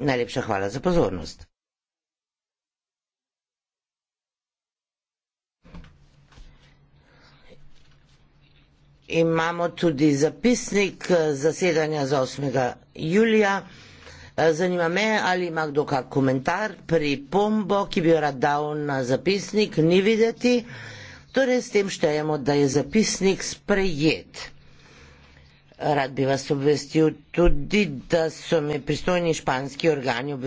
Najlepša hvala za pozornost. Imamo tudi zapisnik eh, zasedanja za 8. julija. Eh, zanima me, ali ima kdo kak komentar pri pombo, ki bi jo rad dal na zapisnik, ni videti. Torej, s tem štejemo, da je zapisnik sprejet rad bi vas obvestil tudi da so me pristojni španski organi obvestili da